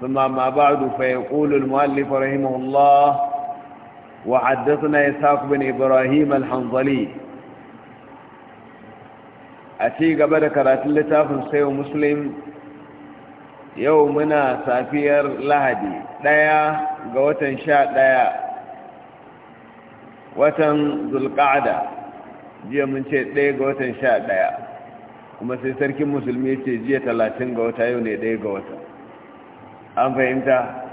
ثم ما بعد فيقول المؤلف رحمه الله وحدثنا إسحاق بن إبراهيم الحنظلي أتي قبل كرات اللتاف سيو مسلم يومنا سافير لهدي ديا قوة شاء ديا watan zulƙa'ada jiya mun ce ɗaya ga watan sha ɗaya kuma sai sarkin musulmi ce jiya talatin ga wata yau ne ɗaya ga wata an fahimta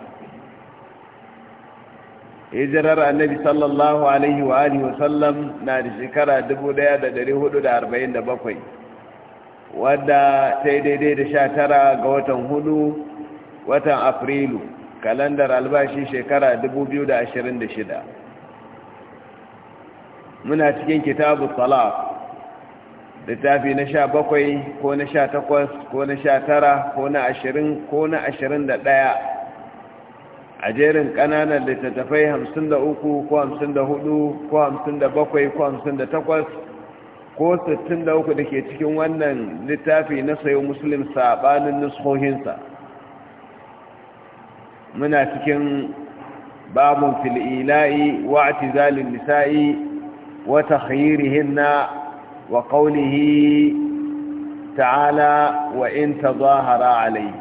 hijirar annabi sallallahu alaihi wa alihi wasallam na da shekara 1447 wadda ta yi daidai da sha tara ga watan hudu watan afrilu kalandar albashi shekara 2026 muna cikin kitabu salaf littafi na sha bakwai ko na sha takwas ko na sha tara ko na ashirin ko na ashirin da ɗaya a jerin ƙananan littattafai hamsin da uku ko hamsin da hudu ko hamsin da bakwai ko hamsin da takwas ko sittin da uku da ke cikin wannan littafi na sayo musulun saɓanin nuskohinsa muna cikin babun fil'ila'i wa a nisa'i wata hayirihin na وقوله تعالى وإن تظاهر عليه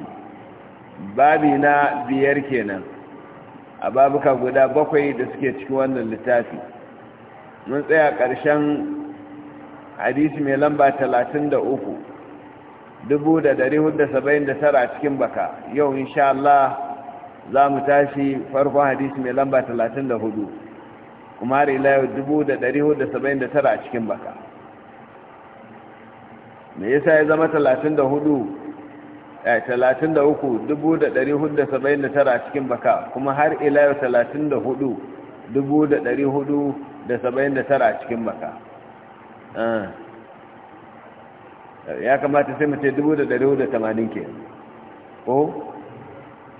بابنا بيركنا أبابك قد بقي دسكيتك وأن اللتافي من سيئة قرشان حديث ميلمبا 33 tara cikin baka yau insha Allah za mu tashi farkon hadisi mai lamba talatin da hudu kuma har ila tara cikin baka me yasa ya zama da tara a cikin baka kuma har ila yau 34479 cikin baka eh, ya kamata sai mace 1480 ke ko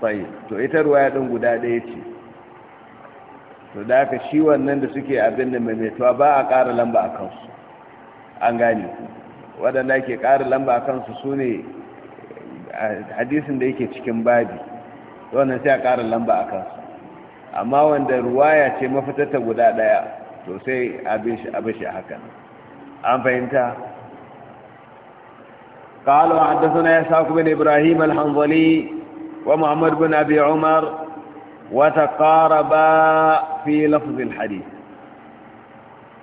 sai to ita ruwaya ɗin guda daya ce to da aka shi wannan da suke abin da mai metuwa ba a ƙara lamba a kansu an gane ku waɗanda ke ƙara lamba a kansu su ne hadisin da yake cikin babi wannan sai a ƙara lamba a kansu amma wanda ruwaya ce mafitarta guda ɗaya to sai abin shi haka an fahimta قالوا حدثنا يساق بن إبراهيم الحنظلي ومحمد بن أبي عمر وتقاربا في لفظ الحديث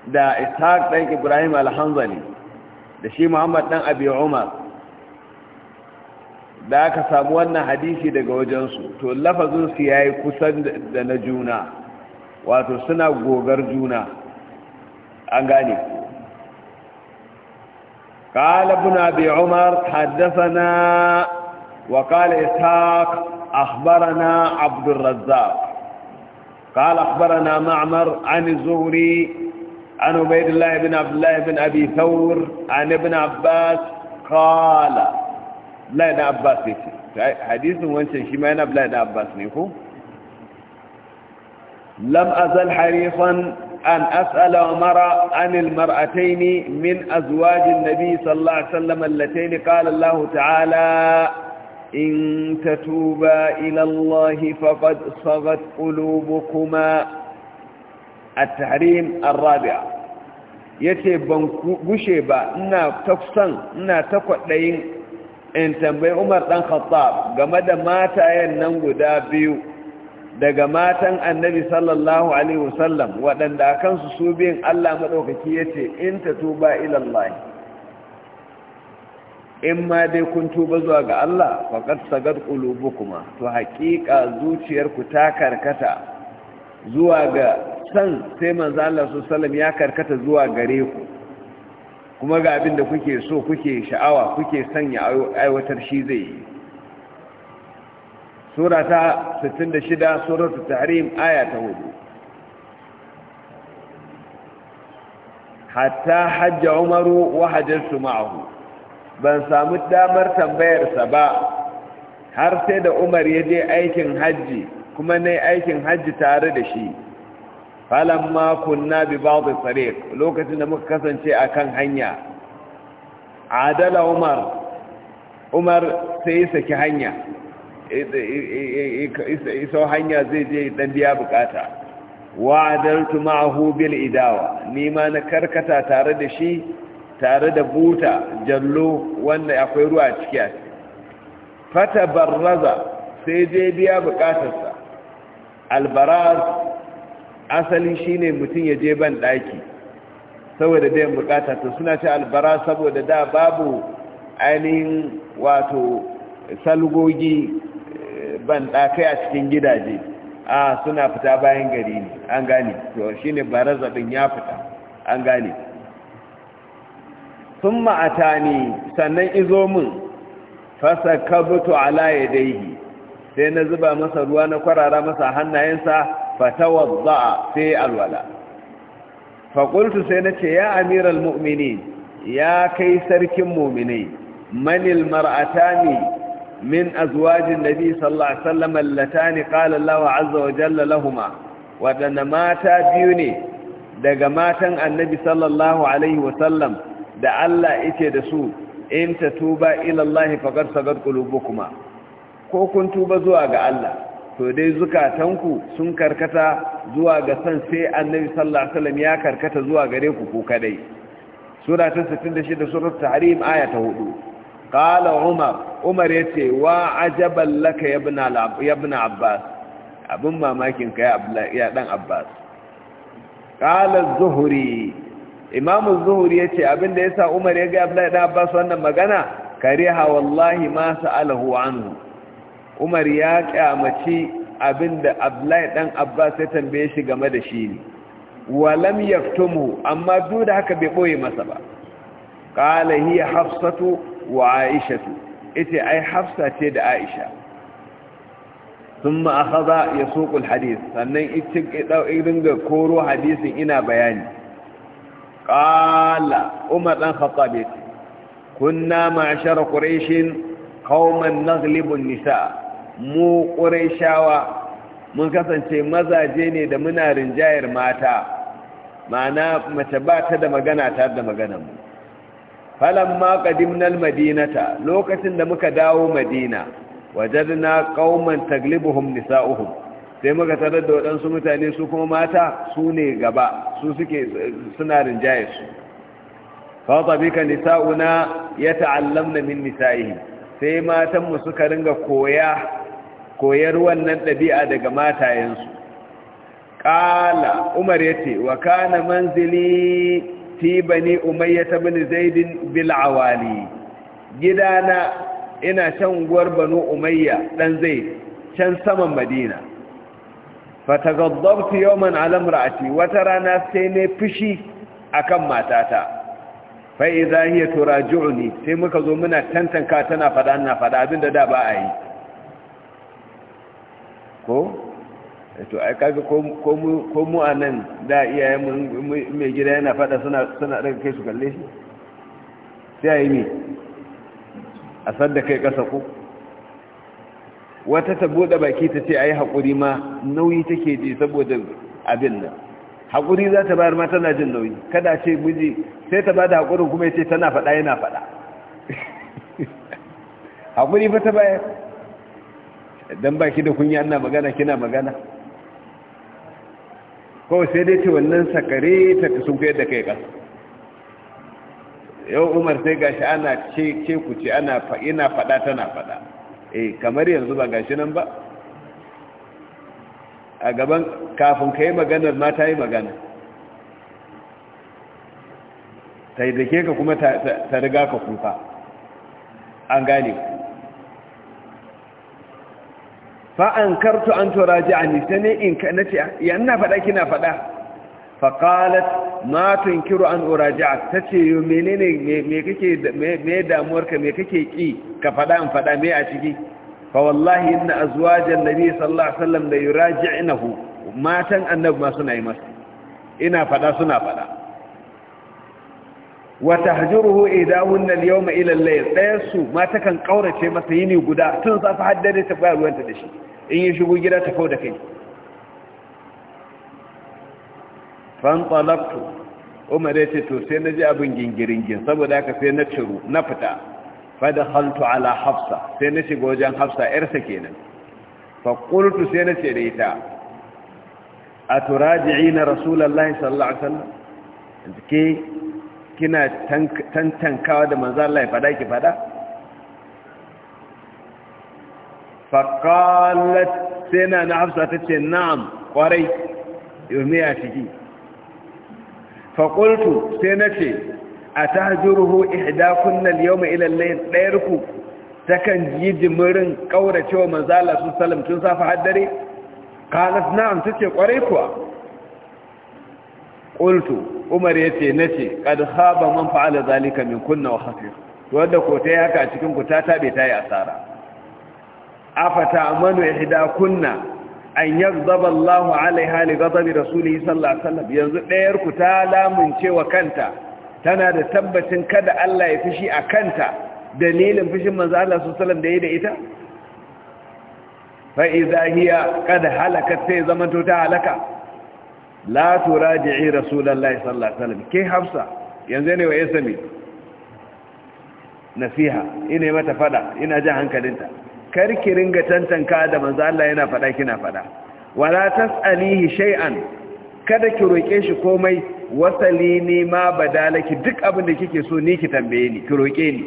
دا إسحاق بن إبراهيم الحنظلي da shi muhammad dan abi umar da aka samu wannan hadisi daga wajensu to lafazinsu ya yi kusan da na juna wato suna gogar juna an gane قال ابن أبي عمر حدثنا وقال إسحاق أخبرنا عبد الرزاق قال أخبرنا معمر عن الزهري عن عبيد الله بن عبد الله بن أبي ثور عن ابن عباس قال لا ابن عباس حديث وانشان شما ينب لا ابن عباس نيكو لم أزل حريصا أن أسأل عمر عن المرأتين من أزواج النبي صلى الله عليه وسلم اللتين قال الله تعالى إن تتوبا إلى الله فقد صغت قلوبكما at-tahrim ar-rabi'a yace ban gushe ba ina tafsan ina takwadayin in tambayi Umar dan Khattab game da matayen nan guda biyu daga matan Annabi sallallahu alaihi wasallam wadanda kansu su biyin Allah madaukaki yace in tatuba ila Allah in ma dai kun tuba zuwa ga Allah faqad sagad qulubukuma to haƙiƙa zuciyarku ta karkata zuwa ga san sai manzo Allah sallallahu ya karkata zuwa gare ku kuma ga abin da kuke so kuke sha'awa kuke sanya aiwatar shi zai yi sura ta 66 suratul tahrim aya ta hudu. hatta hajja umaru wa hajjatu ma'ahu ban samu damar tambayarsa ba har sai da umar ya je aikin hajji kuma ne aikin hajji tare da shi falon makon na bi babu tariq lokacin da muka kasance a kan hanya adala umar umar sai ya saki hanya iso hanya zai je dan biya bukata wa adaltu ma'ahu bil idawa nima na karkata tare da shi tare da buta jallo wanda akwai ruwa ciki fata barraza sai je biya bukatarsa albaraz asali shine mutum ya je ban daki saboda da bukata to suna ce albaraz saboda da babu ainihin wato salgogi eh, ban dakai a cikin gidaje a suna fita bayan gari ne an gane to shine baraza din ya fita an gane sun ma'ata ne sannan izo min fasa kabuto ala ya daihi sai na zuba masa ruwa na kwarara masa hannayensa fatawadda sai alwala faƙultu sai na ce ya amiral mu'mini ya kai sarkin mu'minai manil mar'atani min azwajin nabi sallallahu alaihi wasallam allatani qala Allahu azza wa jalla lahumā wadanna mata biyu ne daga matan annabi sallallahu alaihi wasallam da Allah yake da su in tatuba ila Allah faqad sagat qulubukuma ko kun tuba zuwa ga Allah to dai zukatanku sun karkata zuwa ga san sai annabi sallallahu alaihi wasallam ya karkata zuwa gare ku ko kadai sura ta 66 suratul tahrim aya ta 4 qala umar umar yace wa ajaban laka ya ibn abbas abun mamakin ka ya abdullahi ya dan abbas qala zuhri imam zuhri yace abinda yasa umar ya ga abdullahi dan abbas wannan magana kariha wallahi ma sa'alahu anhu umar ya kyamaci abinda abdullahi dan abbas ya tambaye shi game da shi ne walam yaftumu amma duk da haka bai boye masa ba qala hiya hafsatu wa aishatu ita ai hafsa ce da aisha thumma akhadha yasuqu alhadith sannan ita ga koro hadisin ina bayani qala umar dan khattabi kunna ma'shar quraish qauman naghlibu an-nisaa mu shawa, mun kasance mazaje ne da muna rinjayar mata ma'ana mace ba ta da magana ta da maganarmu ma qadimnal madinata lokacin da muka dawo madina wajadna qauman taglibuhum nisa'uhum sai muka tarar da waɗansu mutane su kuma mata su ne gaba su suke suna rinjaye su fatabika nisa'una yata'allamna min nisa'ihim sai matanmu suka ringa koya koyar wannan ɗabi'a daga matayensu ƙala umar ya ce wa kana manzili fi bani umayyata bin zaidin bil'awali gidana ina can gwar banu umayya ɗan zai can saman madina fatagaddabtu yawman ala imra'ati wata rana sai ne fushi akan matata fa idza hiya ne, sai muka zo muna tantanka tana fada Na fada abinda da ba a yi ko to ai kaga ko mu a nan da iyayen mai gida yana fada suna daga kai su kalle shi sai a yi ne a sadda kai ƙasa ko wata ta buɗe baki ta ce a yi ma nauyi take ji saboda abin nan Hakuri za ta bayar ma tana jin nauyi kada ce miji sai ta bada hakuri kuma ya ce tana faɗa yana faɗa Hakuri ba ta bayar dan baki da kunya ana magana kina magana kawai sai dai ce wannan sakare ta sun kai da kai kasa yau umar sai gashi ana ce ce ku ce ana ina fada tana fada eh kamar yanzu ba gashi nan ba a gaban kafin kai maganar ma ta yi magana ta yi da ke ka kuma ta riga ka kuka an gane ku Fa an an a nisa ne in ka nace yana faɗa kina faɗa faƙalat matun kiru an uraji a ta ce yi mene ne damuwarka me kake ƙi ka faɗa an faɗa me a ciki wallahi ina a zuwa jannabi sallallahu da yi inahu matan annabu ma suna yi masu ina faɗa suna faɗa wata hajjuruhu idahun nan yau mai ilallai ɗaya su mata kan ƙaurace masa yini guda tun safi haddare ta bayar da shi in yi shigo gida ta kau da kai fantalaktu umar ya ce to sai na ji abin gingiringin saboda haka sai na ciru na fita fada haltu ala hafsa sai na shiga wajen hafsa yarsa kenan faƙultu sai na ce da ita a turaji'i na rasulallah sallallahu alaihi wasallam ke kina tantankawa da manzan Allah ya fada ki fada faqalat sai na na hafsa ce na'am kwarai yume a ciki faqultu sai ce atahjuruhu ihdakunna al-yawma ila al-layl ta kan yi jimirin kauracewa manzan Allah sallallahu alaihi wasallam tun safa haddare? dare qalat na'am ce kwarai kuwa qultu umar ya ce na ce ƙadu haɓa man fa'ala zalika min kunna wa hafi wadda ko ta yi haka a cikin ku ta taɓe ta yi asara fata manu ya hida kunna an yi alai hali ga zabi rasuli sallallahu alaihi yanzu ɗayar ku ta lamunce wa kanta tana da tabbacin kada Allah ya fishi a kanta dalilin fushin manzo Allah sallallahu da ya da ita fa idza hiya qad halakat sai zamanto ta halaka la turaji'i rasulullahi sallallahu alaihi wasallam ke hafsa yanzu ne wa yasami nasiha ina mata fada ina ji hankalinta karki ringa tantanka da manzo Allah yana fada kina fada wala tasalihi shay'an kada ki roke shi komai wasali ne ma badalaki duk abin da kike so ni ki tambaye ni ki roke ni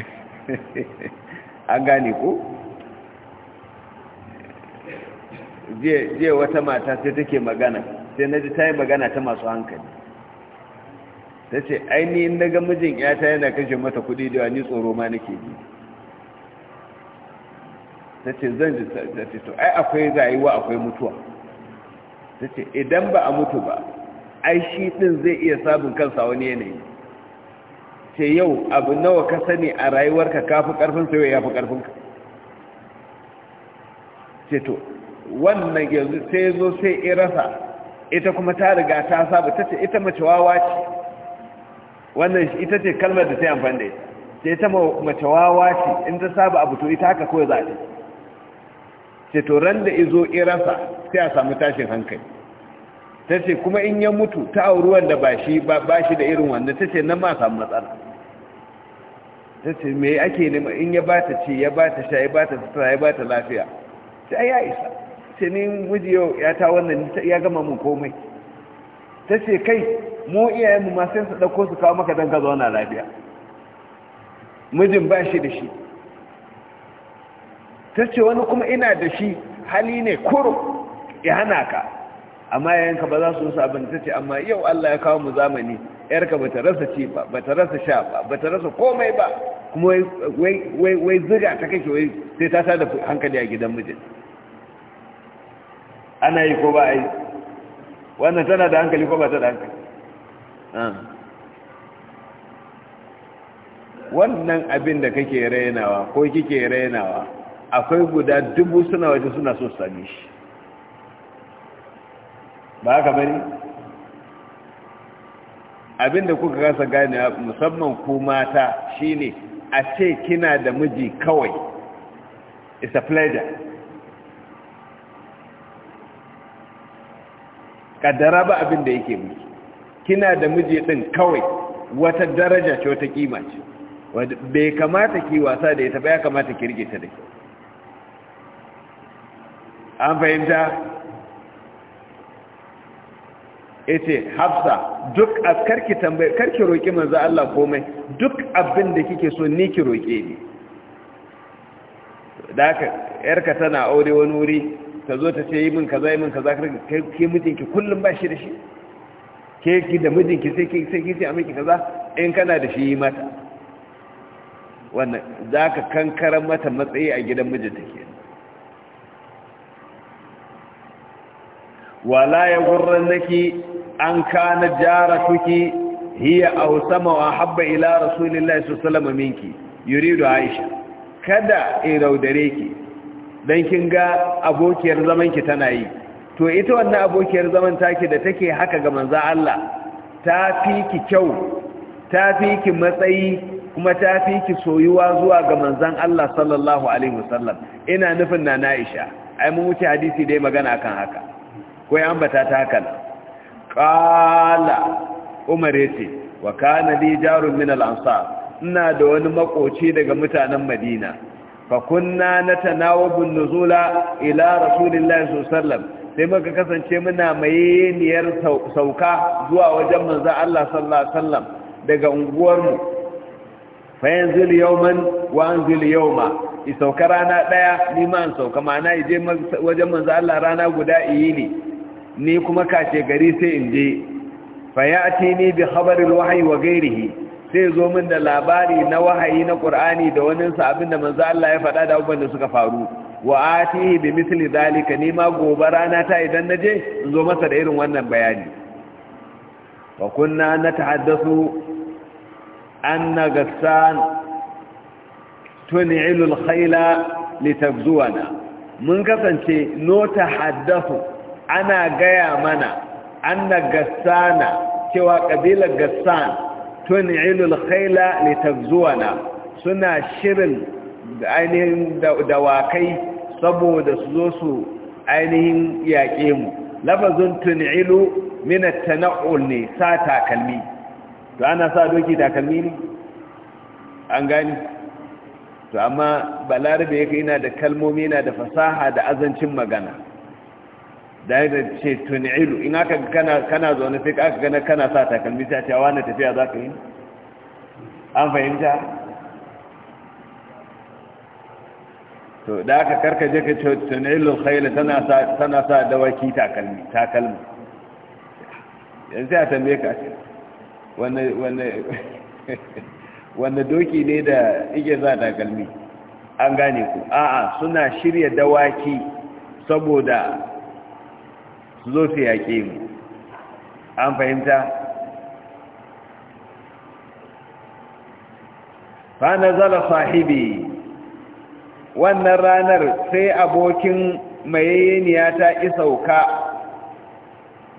an gane ko jiya wata mata sai take magana sai na ji ta yi magana ta masu hankali ta ce ainihin na ga mijin yata yana kashe mata kudi da wani tsoro ma nake ji ta ce zan ji ta ce to ai akwai rayuwa akwai mutuwa ta ce idan ba a mutu ba ai shi din zai iya sabon kansa wani yanayi ce yau abu nawa ka sani a rayuwarka kafi karfin sai ya fi karfinka ce to wannan yanzu sai zo sai irasa ita kuma ta riga ta saba ta ce ita mace wawa ce wannan ita ce kalmar da ta yi amfani da ita sai ta mace wawa ce in ta saba abu to ita haka kawai za ta ce to ran da izo irasa sai a samu tashin hankali ta ce kuma in ya mutu ta auri wanda ba shi ba shi da irin wanda ta ce nan ma samu matsala ta ce me ake nema in ya ba ta ce ya ba ta sha ya ta sutura ya ta lafiya sai ya isa tunin miji yau ya ta wannan ya gama mu komai ta ce kai mu iyayenmu ma sai su ɗauko su kawo maka don ka zauna lafiya mijin ba shi da shi ta ce wani kuma ina da shi hali ne kuro ya hana ka amma yayanka ba za su rusa abin ta ce amma yau Allah ya kawo mu zamani yarka ba ta rasa ci ba ba ta rasa sha ba ba ta rasa komai ba kuma wai ziga ta kake wai sai ta da hankali a gidan mijin ana yi ko ba a yi wannan tana da hankali ko ba ta da hankali ah. wannan abin da kake rainawa ko kike rainawa akwai guda dubu suna waje suna so sami shi ba haka bari abin da kuka kasa gane musamman ku mata shine a ce kina da miji kawai it's a pleasure kaddara ba abin da yake miki kina da miji din kawai wata daraja ce wata kima ce bai kamata ki wasa da ita ba ya kamata ki rike ta da kyau an fahimta ita hafsa duk karki tambaye karki roki manzo Allah komai duk abin da kike so ni ki roke ni da haka yarka tana aure wani wuri ta zo ta ce yi min kaza yi min kaza ke mijinki kullum ba shi da shi ke ki da mijinki sai ki sai ki a miki kaza in kana da shi yi mata wannan za ka kankara mata matsayi a gidan mijinta ke wala ya gurran naki an kana jara tuki hiya aw sama wa habba ila rasulillahi sallallahu alaihi wasallam minki yuridu aisha kada in raudare ki don kin ga abokiyar zamanki tana yi to ita wannan abokiyar zaman take da take haka ga manza Allah ta fi ki kyau ta fi ki matsayi kuma ta fi ki soyuwa zuwa ga manzan Allah sallallahu alaihi wasallam ina nufin na Aisha ai mun wuce hadisi dai magana kan haka ko ya ambata ta haka qala Umar yace wa kana li jarun min al-ansar ina da wani makoci daga mutanen Madina fakunna na tanawabin nuzula ila rasulillahi sallallahu sai muka kasance muna mai niyar sauka zuwa wajen manzan Allah sallallahu alaihi wasallam daga unguwarmu fayanzil yawman wa anzil yawma isauka rana daya ni ma an sauka mana ije wajen manzan Allah rana guda iyi ne ni kuma kace gari sai in je fayati ni bi khabaril wahyi wa ghairihi sai zo min da labari na wahayi na ƙur'ani da wani abinda da manzo Allah ya faɗa da abubuwan suka faru wa atihi bi misli zalika ni ma gobe rana ta idan naje in zo masa da irin wannan bayani wa kunna natahaddathu anna gassan tun'ilu al-khayla litafzuwana mun kasance no tahaddathu ana gaya mana anna gassana cewa kabilar gassan al-khayla litazwana suna shirin ainihin dawakai saboda su zo su ainihin yaƙe mu lafazin tun'ilu min at-tana'ul ne sa takalmi to ana sa doki takalmi ne an gani to amma balarabe yake yana da kalmomi yana da fasaha da azancin magana da ya ce ilu in aka kana zaune sai aka gana kana sa takalmi sai a ce wani tafiya za ka yi an fahimta to da aka karka ka ce tuni khayla tana sa tana sa dawaki takalmi takalmi yanzu a tambaye ka wanne wanda doki ne da ike za takalmi an gane ku a'a suna shirya dawaki saboda zo su yaƙe mu an fahimta fana zala sahibi wannan ranar sai abokin mai ta isa wuka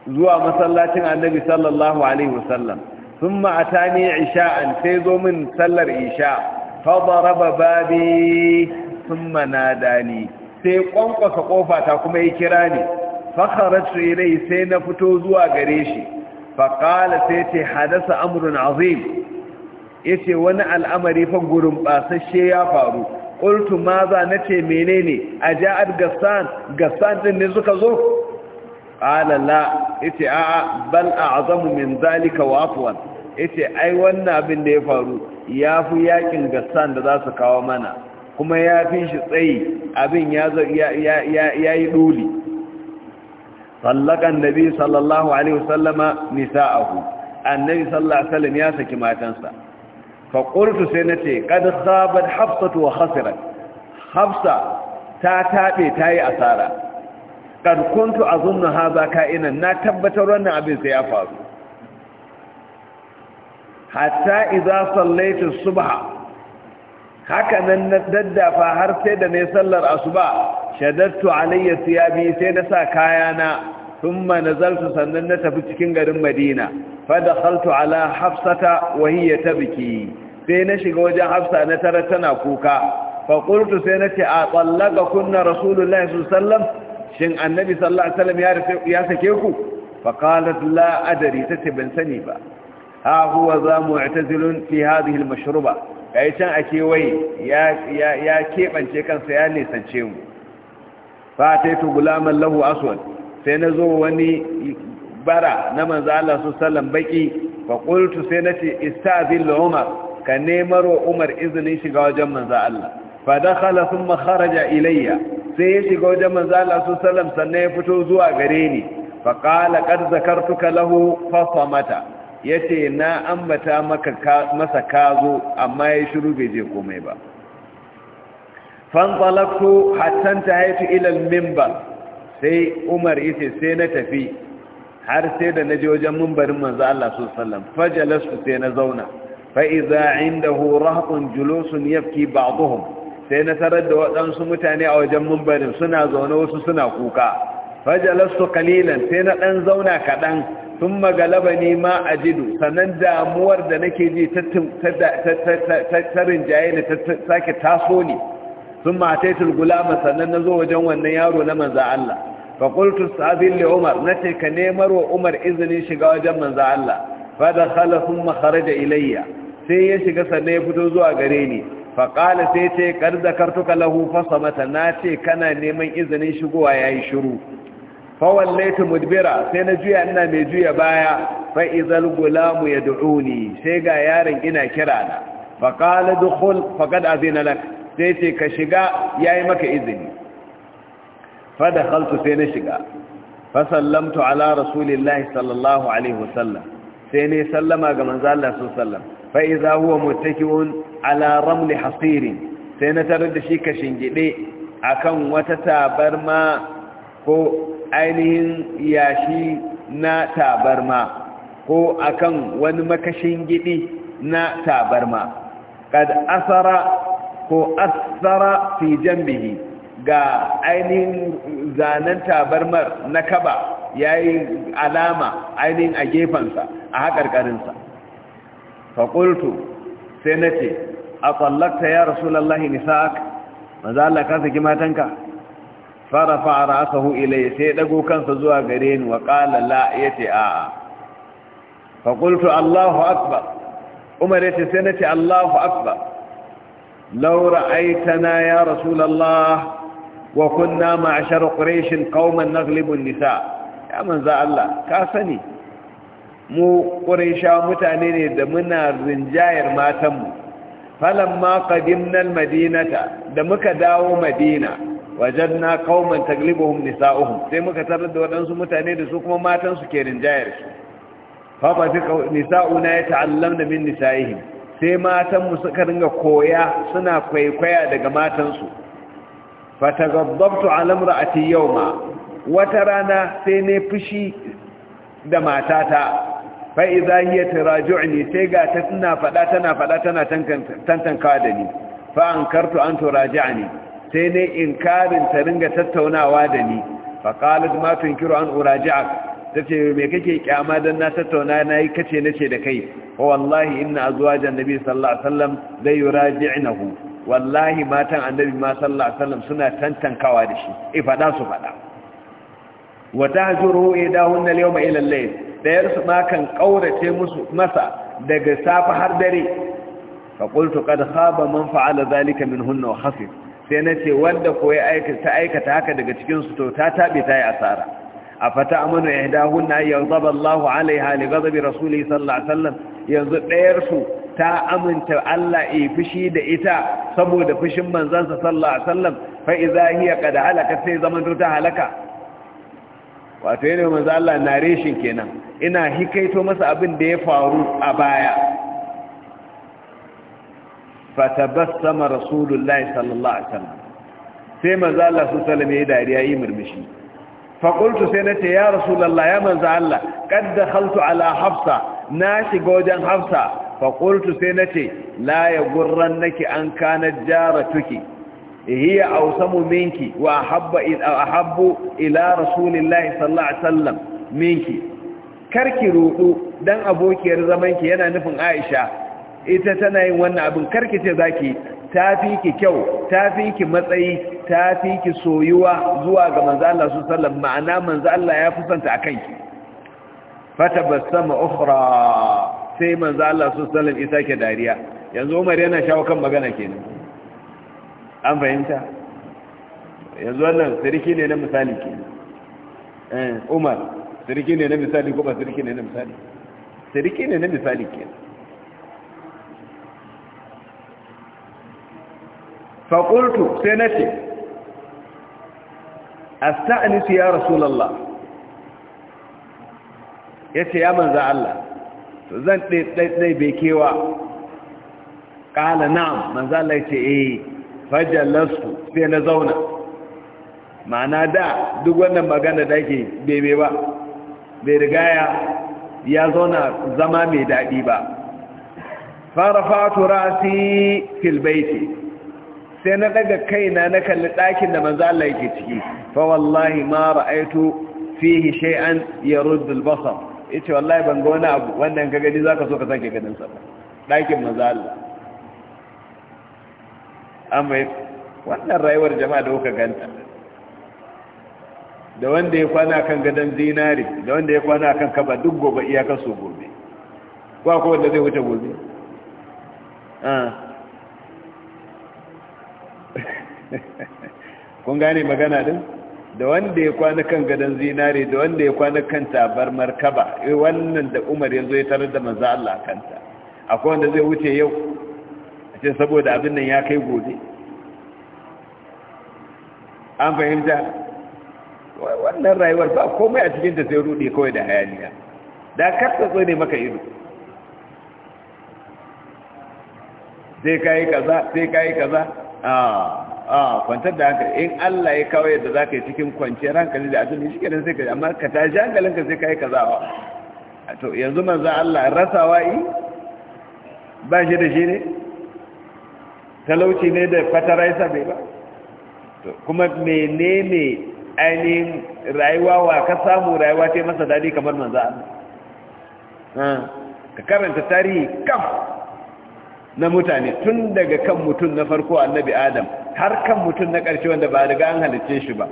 zuwa masallacin annabi sallallahu alaihi wasallam sun ma'ata ne isha'an sai zo min sallar isha fadara babadi sun ma na sai kwankwasa kofa ta kuma yi kira ne fakharatu ilai sai na fito zuwa gare shi faqala sai ce hadasa amrun azim yace wani al'amari fa gurin basashe ya faru qultu maza nace menene aja'at gassan gassan din ne suka zo qala la yace a'a bal a'zamu min zalika wa afwan yace ai wannan abin da ya faru yafi yakin gassan da za su kawo mana kuma ya fi shi tsayi abin ya yi doli sallaka annabi sallallahu alaihi wasallama nisa'ahu annabi sallallahu alaihi wasallam ya saki matansa fa qultu sai nace qad khabat hafsatu wa khasirat hafsa ta tabe tayi asara kad kuntu azunnu hadha ka'inan na tabbatar wannan abin sai ya faru hatta idza sallaitu subha haka nan na daddafa har sai da ne sallar asuba shadattu alayya siyabi sai na sa kayana thumma nazaltu sannan na tafi cikin garin Madina fa dakhaltu ala Hafsata wa hiya tabki sai na shiga wajen Hafsa na tara tana kuka fa qultu sai na ce a tsallaka kunna rasulullahi sallallahu alaihi wasallam shin annabi sallallahu alaihi wasallam ya sake ku fa qalat la adri tace ban sani ba ha huwa za mu mu'tazilun fi hadhihi al-mashruba yi can a kewaye ya ya kebance kansa ya nisance mu fa taitu gulaman lahu aswad sai nazo wani bara na manzo Allah sallallahu Ba baki fa qultu sai nace istazil umar ka nemar umar izinin shiga wajen manzo Allah fa dakhala thumma kharaja ilayya sai ya shiga wajen manzo Allah sallallahu alaihi sannan ya fito zuwa gare ni fa qala qad zakartuka lahu fa mata. ya ce na ambata masa kazo amma ya shiru bai je komai ba fanzalaktu hattan ta haifi ilal mimba sai umar ita sai na tafi har sai da na je wajen mimbarin manzo Allah su sallam fajalastu sai na zauna fa'iza inda horahun julusun yafki ba'duhum sai na tarar da waɗansu mutane a wajen mimbarin suna zaune wasu suna kuka fajalastu qalilan sai na dan zauna kadan thumma galabani ma ajidu sanan damuwar da nake ji ta tarin jaye ne ta sake taso ni thumma ataitul gulama sanan nazo wajen wannan yaro na manzo Allah fa qultu sa'adin li umar nace ka nemar wa umar izinin shiga wajen manzo Allah fa dakhala thumma kharaja ilayya sai ya shiga sannan ya fito zuwa gare ni qala sai ce kar zakartuka lahu fasa mata na ce kana neman izinin shigowa yayi shiru fawallaitu mudbira sai na juya ina mai juya baya fa izal gulamu yad'uni sai ga yaron ina kira na fa qala dukhul faqad azina lak sai ce ka shiga yayi maka izini fa dakhaltu sai na shiga fa sallamtu ala rasulillahi sallallahu alaihi wasallam sai ne sallama ga manzo Allah sallallahu alaihi wasallam fa idza huwa muttaki'un ala ramli hasirin sai na tarar da shi ka shingide akan wata tabarma ko ainihin yashi na tabarma ko akan wani makashin gidi na tabarma kad asara ko asara fi jambihi ga ainihin zanen tabarmar na kaba ya yi alama ainihin a gefensa a haƙarƙarinsa faƙultu sai na ce a tsallakta ya rasu lallahi nisa'ak maza Allah ka saki matanka farafa ra'sahu ilai sai dago kansa zuwa gare ni wa qala la yace a fa Allahu akbar Umar ce sai ce Allahu akbar law ra'aytana ya rasulallah wa kunna ma'ashar quraish qauman naghlibu nisa ya manza Allah ka sani mu quraisha mutane ne da muna rinjayar matanmu Falon qadimna madinata da muka dawo madina na qauman taglibuhum nisa'uhum sai muka tarar da waɗansu mutane da su kuma matan ke rinjayar su fa ba nisa'una yata'allamna min nisa'ihim sai matan suka ringa koya suna kwaikwaya daga matan su fa a ala imra'ati yawma wata rana sai ne fushi da matata fa idza hiya taraju'ni sai ga ta tana fada tana fada tana tantankawa da ni fa ankartu an turaji'ani sai ne inkarin ta ringa tattaunawa da ni faqalat ma tunkiru an uraji'ak ce me kake kyama dan na tattauna na yi kace na ce da kai wa wallahi inna azwajan nabi sallallahu alaihi wasallam la yuraji'nahu wallahi matan annabi ma sallallahu alaihi wasallam suna tantankawa da shi eh fada su fada wa tahjuru idahunna al-yawma ila al-layl dayar su ma kan kaurace musu masa daga safa har dare fa qultu qad khaba man fa'ala dhalika minhunna wa khasif sai na ce wanda ko ya aikata haka daga cikinsu to ta taɓe ta yi asara a fata amanu ya hida hunna ya zaba Allah alaiha li gazabi rasuli sallallahu alaihi wasallam yanzu ɗayar su ta aminta Allah yi fushi da ita saboda fushin sa sallallahu alaihi wasallam fa idza hiya qad halaka sai zaman ta halaka wato yana manzo Allah reshin kenan ina hikaito masa abin da ya faru a baya fatabassama rasulullahi sallallahu alaihi wasallam sai manzo Allah su sallame ya dariya yi murmushi fa qultu sai nace ya rasulullah ya manzo Allah qad dakhaltu ala hafsa na shiga wajen hafsa fa qultu sai nace la yaghurrannaki an kanat jaratuki hiya awsamu minki wa ahabba ahabbu ila rasulillahi sallallahu alaihi wasallam minki karki rudu dan abokiyar ki yana nufin Aisha ita tana yin wannan abin karkice zaki ta fi ki kyau ta fi ki matsayi ta fi ki soyuwa zuwa ga manzo Allah su sallam ma'ana manzo Allah ya fi santa akan ki fatabassama ukhra sai manzo Allah su sallam isa ke dariya yanzu Umar yana shawo kan magana kenan an fahimta yanzu wannan sirki ne na misali kenan eh Umar sirki ne na misali ko ba sirki ne na misali sirki ne na misali kenan faƙultu sai na ce a sta'anisu ya rasulallah ya ce ya manza Allah zan ɗai bai kewa ƙala na'am manza Allah ya ce eh sai na zauna ma'ana da duk wannan magana da ake bebe ba bai rigaya ya zauna zama mai daɗi ba fara fatura si filbaiti sai na daga kaina na kalli ɗakin da manzo Allah yake ciki fa wallahi ma ra'aitu fihi shay'an yarud al-basar yace wallahi ban ga wani abu wannan ka gani zaka so ka sake ganin sa ɗakin manzo Allah amma wannan rayuwar jama'a da kuka ganta da wanda ya kwana kan gadon zinari da wanda ya kwana kan kaba duk gobe iyakar su gobe Ko akwai wanda zai wuce gobe ah. kun gane magana din da wanda ya kwana kan gadon zinare da wanda ya kwana kan tabar markaba eh, wannan da umar yanzu ya tarar da manzo Allah kanta akwai wanda zai wuce yau a ce saboda abin nan ya kai gobe an fahimta wannan rayuwar ba komai a cikin ta sai rudi kawai da hayaniya da karsa so ne maka ido sai kayi kaza sai kayi kaza ah kwantar da hankali in Allah ya kawo yadda za ka yi cikin kwanciyar hankali da azumi shi kenan sai ka amma ka tashi hankalinka sai ka yi kazawa to yanzu manzan Allah rasawa yi ba shi da shi ne talauci ne da fatara ya bai ba kuma menene ainihin rayuwa wa ka samu rayuwa ce masa daɗi kamar manzan Allah ka karanta tarihi kam na mutane tun daga kan mutum na farko annabi adam har kan mutum na ƙarshe wanda ba riga an halice shi ba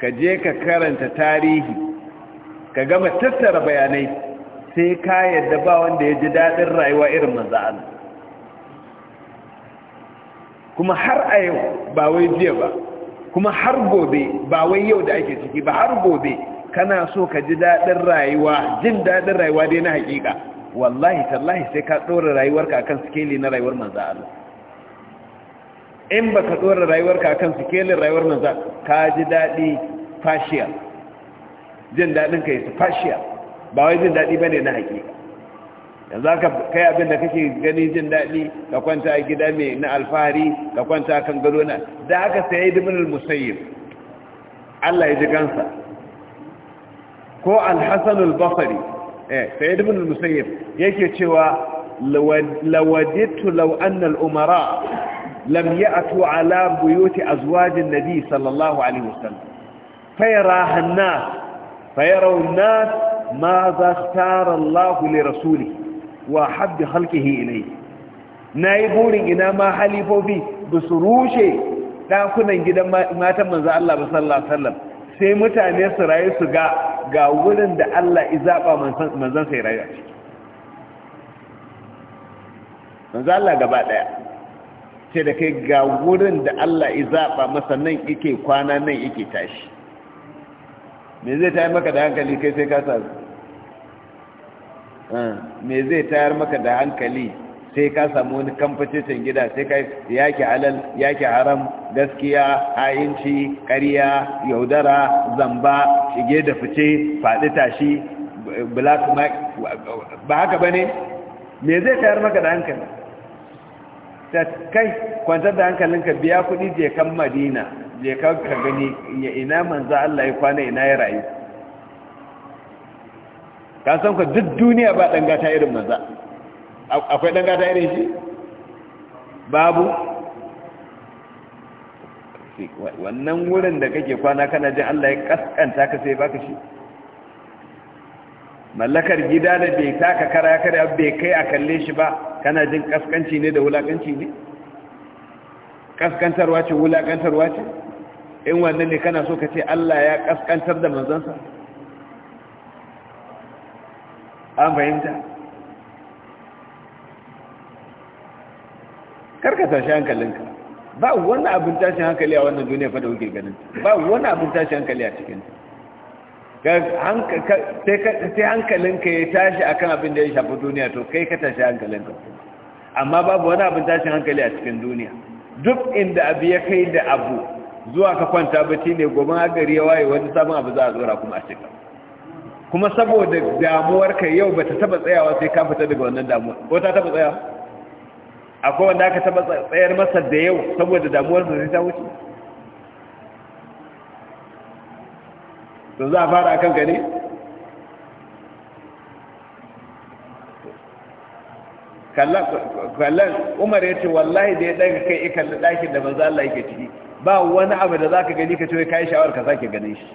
ka je ka karanta tarihi ka gama tattara bayanai sai ka yadda ba wanda ya ji daɗin rayuwa irin manza'an kuma har a yau ba wai jiya ba kuma har gobe ba wai yau da ake ciki ba har gobe kana so ka ji daɗin rayuwa jin daɗin rayuwa dai na haƙiƙa wallahi tallahi sai ka ɗora rayuwarka akan sikeli na rayuwar manzo Allah in ba ka ɗora rayuwarka akan sikelin rayuwar manzo ka ji dadi fashiya jin dadin ka yi su fashiya ba wai jin dadi ba ne na hakika yanzu aka kai abin da kake gani jin daɗi ka kwanta a gida mai na alfahari ka kwanta kan gado na da aka sai ibn musayyib Allah ya ji gansa ko al-hasan al-basri Eh, sai ibn al-musayyib yake cewa lawadittu law anna al-umara lam ya'tu ala buyuti azwajin nabi sallallahu alaihi wasallam fayaraha an-nas fayaraw an-nas ma za Allah li rasuli wa hadd khalqihi ilayhi nayi burin ina ma halifofi bisu rushe dakunan gidan matan manzo Allah sallallahu alaihi wasallam sai mutane su rayu su ga ga wurin da Allah izaba manzan sai a ciki manzan Allah gaba daya ce da kai ga wurin da Allah izaba masa nan ike kwana nan ike tashi me zai tayar maka da hankali kai sai ka sa eh, me zai tayar maka da hankali sai ka samu wani kamfacicin gida sai ka yake halal yake haram gaskiya ha'inci kariya, yaudara zamba shige da fice faɗi tashi black ba haka ba ne me zai tayar maka da hankali ta kai kwantar da hankalinka biya kuɗi je kan madina je ka gani ya ina manzo Allah ya kwana ina ya rayu ka san ka duk duniya ba ɗanga ta irin manza. akwai ɗan gata irin shi babu wannan wurin da kake kwana kana jin Allah ya kaskanta ka sai baka shi mallakar gida da bai taka kara kare bai kai a kalle shi ba kana jin kaskanci ne da wulakanci ne kaskantarwa ce wulakantarwa ce in wannan ne kana so ka ce Allah ya kaskantar da manzansa an fahimta karka tashi hankalinka ba wani abin tashin hankali a wannan duniya fada kuke ganin ba wani abin tashin hankali a cikin sai hankalinka ya tashi akan abin da ya shafi duniya to kai ka tashi hankalinka amma babu wani abin tashin hankali a cikin duniya duk inda abu ya kai da abu zuwa ka kwanta bacci ne gobe gari ya waye wani sabon abu za a tsora kuma a cika kuma saboda damuwarka yau ba ta taba tsayawa sai ka fita daga wannan damuwa ko ta taba tsayawa akwai wanda aka taba tsayar masa da yau saboda damuwarsa zai ta wuce to za a fara akan gani? kallon umar ya ce wallahi da ya daga kai ikalli ɗakin da manzo Allah yake ciki ba wani abu da za ka gani ka ce kai shawar ka sake ganin shi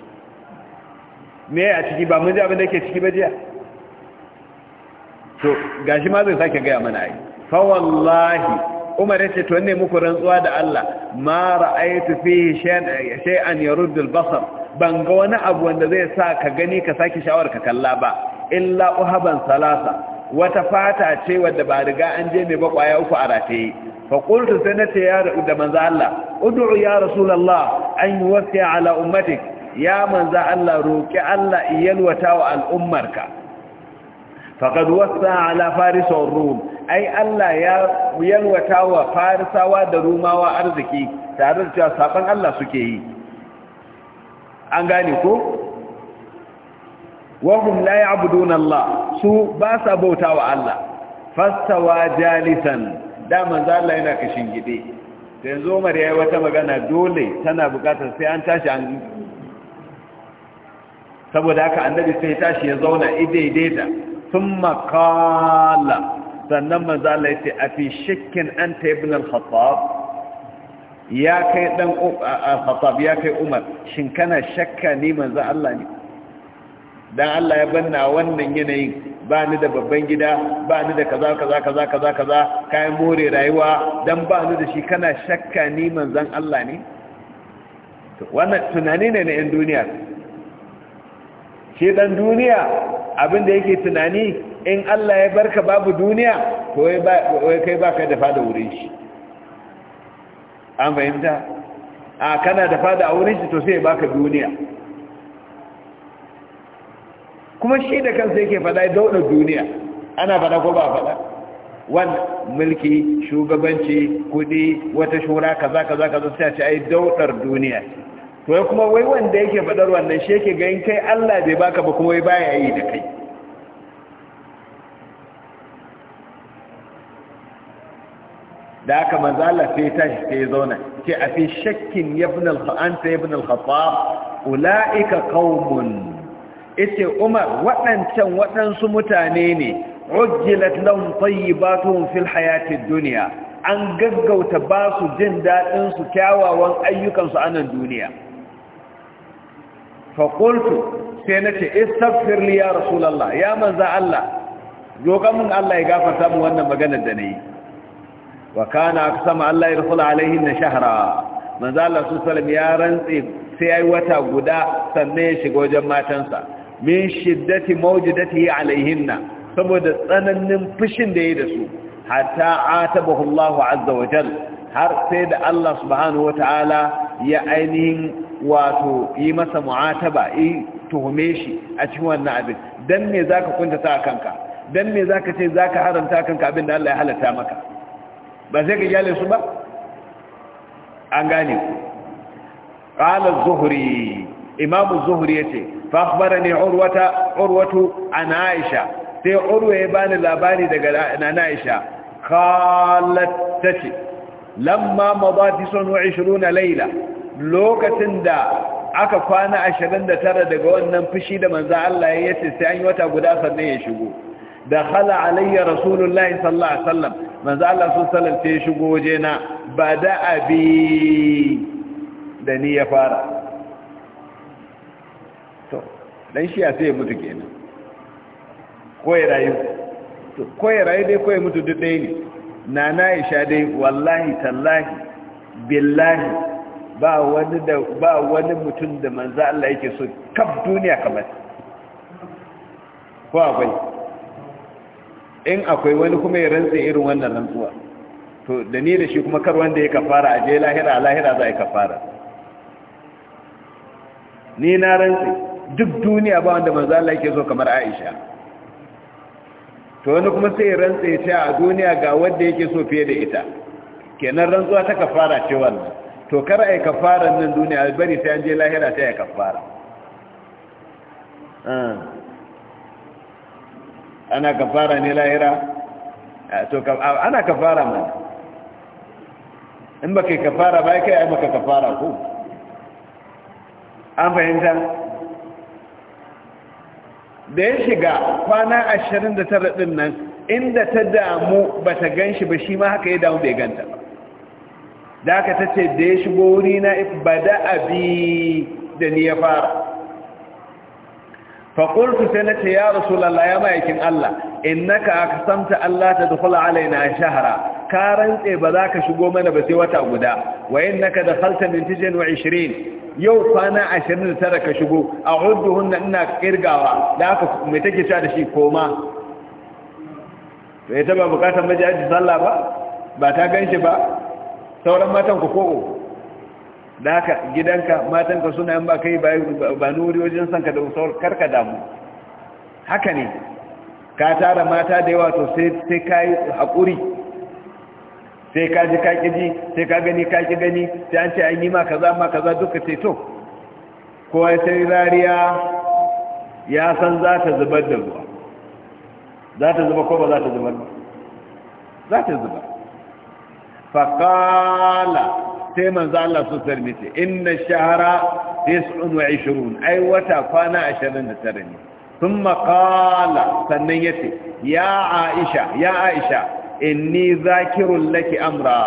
me a ciki ba mun ji abin da ke ciki ba jiya to gashi ma zai sake gaya mana aiki. fawallahi umar ce to ne muku rantsuwa da Allah ma ra'aytu fihi shay'an yaruddu al-basar ban ga wani abu wanda zai sa ka gani ka saki shawar ka kalla ba illa uhaban salasa wata fata ce wadda ba riga an je mai bakwaya uku a rataye fa qultu sanata ya da manzo Allah ud'u ya rasulullah an yuwasi ala ummatik ya manzo Allah roki Allah iyalwata wa al'ummarka faqad wasa ala faris ar-rum ai Allah ya yalwata wa farisawa da rumawa arziki tare da cewa saban Allah suke yi an gane ko wahum la ya'buduna Allah su ba sa bautawa Allah fastawa jalisan da manzo Allah yana kashin gide yanzu Umar wata magana dole tana bukatar sai an tashi an saboda haka annabi sai tashi ya zauna idaidaita thumma qala sannan manzo Allah yace a fi shakkin anta ibn al-khattab ya kai dan al-khattab uh, uh, ya kai Umar shin kana shakka ni manzo Allah ne dan Allah ya banna wannan yanayin ba ni da babban gida ba ni da kaza kaza kaza kaza kaza kayan more rayuwa dan ba ni da shi kana shakka ni manzon Allah ne to wannan tunani ne na yan duniya shi dan duniya abinda da yake tunani in Allah ya barka babu duniya to wai kai baka dafa da wurin shi an fahimta a kana dafa da wurin shi to sai baka duniya kuma shi da kansa yake fada ya dauna duniya ana fada ko ba fada wan mulki shugabanci kudi wata shura kaza kaza kaza sai a ce ai daudar duniya to kuma wai wanda yake fadar wannan shi yake ga in kai Allah bai baka ba kuma wai baya yi da kai da aka manzala sai ta sai ya zauna ce a fi shakkin yabin al'anta yabin al'afaf ula'ika kaumun. ita umar waɗancan waɗansu mutane ne rujjilat lahum tayyibatun fil hayatid duniya. an gaggauta ba su jin daɗinsu su kyawawan ayyukansu a nan duniya fa qultu sai nace istaghfir li ya rasulullah ya manza Allah roƙa mun Allah ya gafarta mu wannan maganar da nayi wa kana aqsama Allah yarsul alaihi na manzo Allah su ya rantsi sai wata guda sannan ya shiga wajen matansa min shiddati mawjidatihi alaihinna saboda tsananin fushin da yayi da su hatta atabahu Allah azza wa jalla har sai da Allah subhanahu ta'ala ya ainihin wato yi masa mu'ataba yi tuhume shi a cikin wannan abin dan me zaka kunta ta kanka dan me zaka ce zaka haranta kanka abin da Allah ya halatta maka ba sai ka jale su ba an gane ku qala zuhri imam zuhri yace fa akhbarani urwata urwatu a aisha sai urwa ya bani labari daga nana aisha qalat tati lamma madat 20 layla lokacin da aka kwana ashirin daga wannan fushi da manzan Allah ya ce sai an yi wata guda sannan ya shigo da khala alayya rasulullahi sallallahu alaihi manzo Allah sun salalce shi shigo na ba da abi da ni ya fara to dan shi ya sai mutu kenan koyi rayu to ko rayu dai koyi mutu duk dai ne nana sha dai wallahi tallahi billahi ba wani da ba wani mutum da manzo Allah yake so kaf duniya kamar ko akwai in akwai wani kuma ya rantse irin wannan rantsuwa to da ni da shi kuma kar wanda ya kafara a je lahira a lahira za a yi kafara ni na rantse duk duniya ba wanda manzo Allah yake so kamar Aisha to wani kuma sai ya rantse ya ce a duniya ga wanda yake so fiye da ita kenan rantsuwa ta kafara ce wannan to kar ai kafaran nan duniya bari sai an je lahira sai ai kafara ah. ana kafara ne lahira eh, to ana kafara ma in ba kai kafara ba kai ai maka kafara ko an fahimta da ya shiga kwana ashirin da tara ɗin nan inda ta damu ba ta gan shi ba shi ma haka ya damu bai ganta ba da aka ta ce da ya shigo wuri na ba da abi da ni ya fara faƙultu sai na ce ya rasu ya mayakin Allah innaka aka samta Allah ta dukula alaina shahara ka rantse ba za ka shigo mana ba sai wata guda wa innaka da halta min wa ishirin yau kwana ashirin da tara ka shigo a hudu na ina kirgawa da aka mai take sha da shi koma to ya taba bukatar maji aji sallah ba ba ta ganshi ba sauran matan ku ko'o da haka gidanka matanka suna yin ba kai ba nuri wajen sanka da usawar karka damu haka ne ka tara mata da yawa to sai ka yi haƙuri sai ka ji kaki ji sai ka gani kaki gani sai an ce an yi ma kaza ma kaza duka ce to kowa sai rariya ya san za ta zubar da ruwa za ta zuba ko ba za ta zubar ba za ta zuba faƙala sai manzo Allah su sarmice inna shahara 29 ai wata kwana 29 ne thumma qala sannan yace ya aisha ya aisha inni zakirul laki amra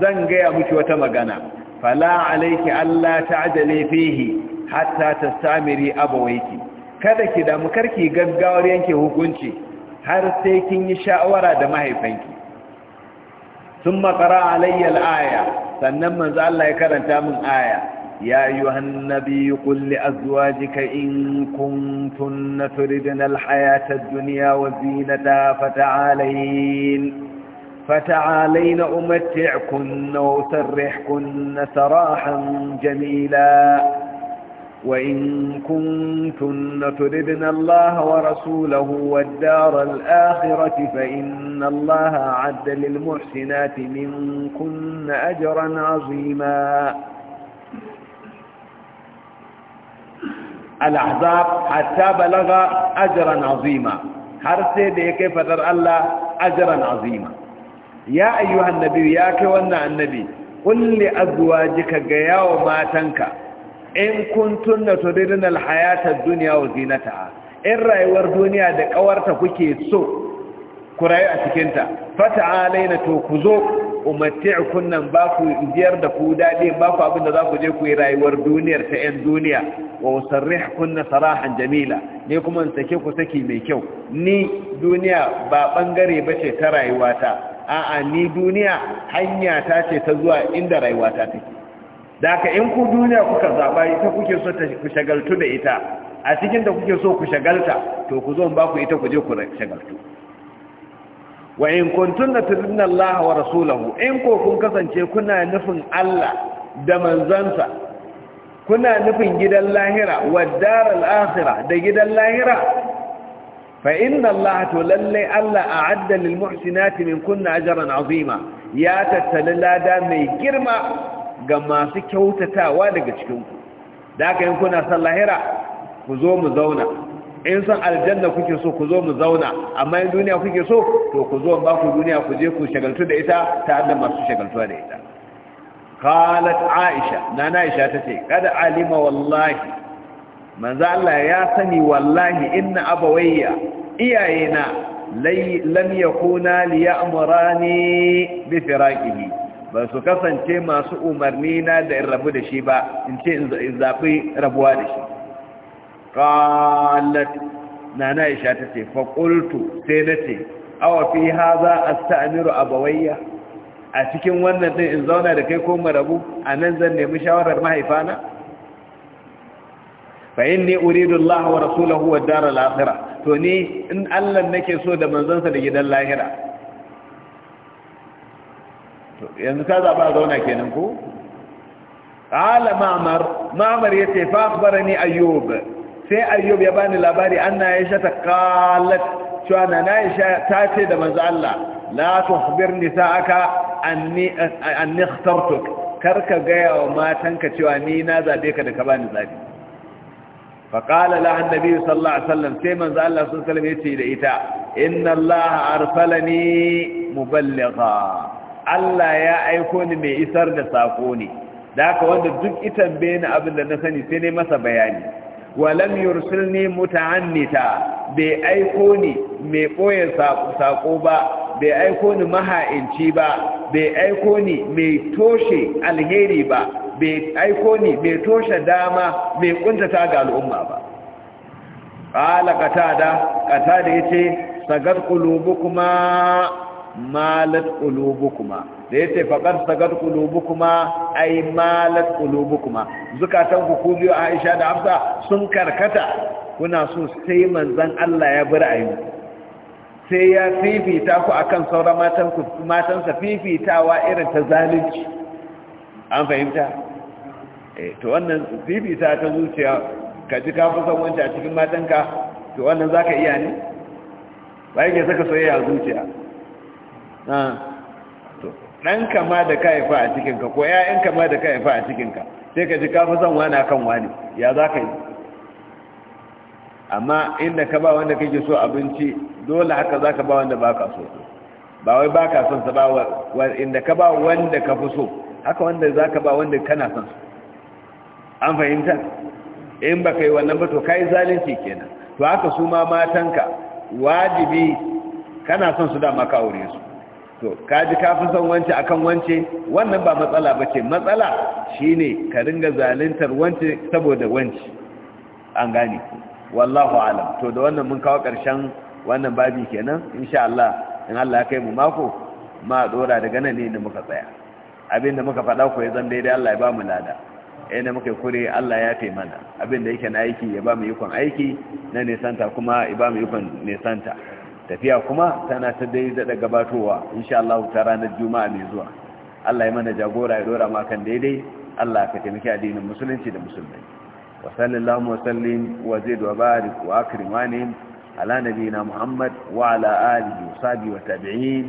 zan gaya miki wata magana fala alayki alla ajale fihi hatta tastamiri abawayki kada ki damu mukarki gaggawar yanke hukunci har sai kin yi shawara da mahaifanki ثم قرأ علي الآية من ذا الله يكرن من آية يا أيها النبي قل لأزواجك إن كنتن تردن الحياة الدنيا وزينتها فتعالين فتعالين أمتعكن وأسرحكن سراحا جميلا وإن كنتن تردن الله ورسوله والدار الآخرة فإن الله عد للمحسنات منكن أجرا عظيما الأحزاب حتى بلغ أجرا عظيما حرسي ديك فتر الله أجرا عظيما يا أيها النبي ياك وانا النبي قل لأزواجك قياو وما تنكى in kuntunna tudidna alhayata alhayatar duniya wa zinata in rayuwar duniya da kawarta kuke so ku rayu a cikin ta fata'alaina to ku zo umatti'kun nan ba ku jiyar da ku dade ba ku abin da za ku je ku yi rayuwar duniyar ta yan duniya wa kunna sarahan jamila ne kuma sake ku saki mai kyau ni duniya ba bangare bace ta rayuwata a'a ni duniya hanya ta ce ta zuwa inda rayuwata take Daka ka in ku duniya kuka zaɓa ita kuke so ku shagaltu da ita a cikin da kuke so ku shagalta to ku zo ba ku ita ku je ku shagaltu wa in kuntun da turidna Allah wa rasulahu in ko kun kasance kuna nufin Allah da manzansa kuna nufin gidan lahira wa daral akhirah da gidan lahira fa inna Allah to lallai Allah a'adda lil muhsinati min kunna ajran azima ya tattali lada mai girma ga masu kyautatawa daga cikinku da aka yin kuna son lahira ku zo mu zauna in san aljanna kuke so ku zo mu zauna amma in duniya kuke so to ku zo ba ku duniya ku je ku shagaltu da ita ta hada masu shagaltuwa da ita qalat aisha nana aisha tace kada alima wallahi Manza Allah ya sani wallahi inna abawayya iyayena lam yakuna liya'murani bi firaqihi ba su kasance masu umarni na da in rabu da shi ba in ce in zaɓi rabuwa da shi ƙalat na na isha ta ce faƙultu sai na ce awa fi ha za a sta'amiru a bawayya a cikin wannan ɗin in zauna da kai ko marabu a nan zan nemi shawarar mahaifana fa ne, uridu Allah wa rasulahu wa dara lahira to ni in Allah nake so da manzansa da gidan lahira yanzu ta zaɓa a zauna kenan ko ala ma'amar ma'amar ya ce fa akbara ni ayyub sai ayyub ya bani labari anna ya sha ta kalat cewa na na ya ta ce da manzo Allah la tuhbir nisa'aka anni anni ikhtartuk karka gaya wa matanka cewa ni na zabe ka da ka bani zabi fa qala la annabi sallallahu alaihi wasallam sai manzo Allah sallallahu alaihi wasallam ya ce da ita inna Allah arsalani muballigha Allah ya aiko ni mai isar da sako ne da haka wanda duk itan ni abin da na sani sai ne masa bayani walam yursilni muta'annita bai aiko ni mai boye sako ba bai aiko ni maha'inci ba bai aiko ni mai toshe alheri ba bai aiko ni mai toshe dama mai kuntata ga al'umma ba qala qatada qatada yace sagat qulubukuma malat qulubukuma da yace faqad sagat qulubukuma ay malat qulubukuma zukatan ku ku biyo Aisha da Hafsa sun karkata kuna so sai manzan Allah ya bar ayu sai ya fifita ku akan sauran matan ku matan sa fifitawa irin ta zalunci an fahimta eh to wannan fifita ta zuciya ka ji ka fusa son wanda a cikin matanka to wannan zaka iya ne ba yake saka soyayya zuciya Ah. ɗan kama da ka haifa a cikinka ko ‘ya'yan kama da ka haifa a cikinka sai ka ji kafa son wani akan wani ya za ka yi amma inda ka ba wanda kake so abinci dole haka za ka ba wanda ba ka so ba wai ba ka son sa ba inda ka ba wanda ka fi so haka wanda za ka ba wanda kana son su an fahimta in ba ka yi wannan ba to ka yi zalinci kenan to haka su ma matanka wajibi kana son su dama ka aure su to kaji kafin son wance akan wance wannan ba matsala ba ce matsala shine ka ringa zaluntar wance saboda wance an gane wallahu alam to da wannan mun kawo ƙarshen wannan babi kenan insha Allah in Allah ya kai mu mako ma dora daga nan ne da muka tsaya Abin da muka faɗa ko ya zan daidai Allah ya ba mu lada da muka kure Allah ya fe mana abinda yake na aiki ya ba mu ikon aiki na nesanta kuma ya ba mu ikon nesanta tafiya kuma tana ta dai gabatowa insha Allah ta ranar juma'a mai zuwa Allah ya mana jagora ya dora makan daidai Allah ka taimaki addinin musulunci da musulmai wa sallallahu wa sallim wa zaid wa barik wa akrim wa nim ala muhammad wa ala alihi wa sahbihi wa tabi'in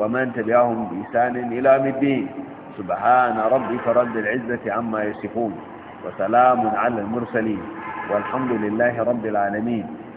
wa man tabi'ahum bi ihsan ila yawmiddin subhana rabbika rabbil izzati amma yasifun wa salamun ala al mursalin والحمد لله رب العالمين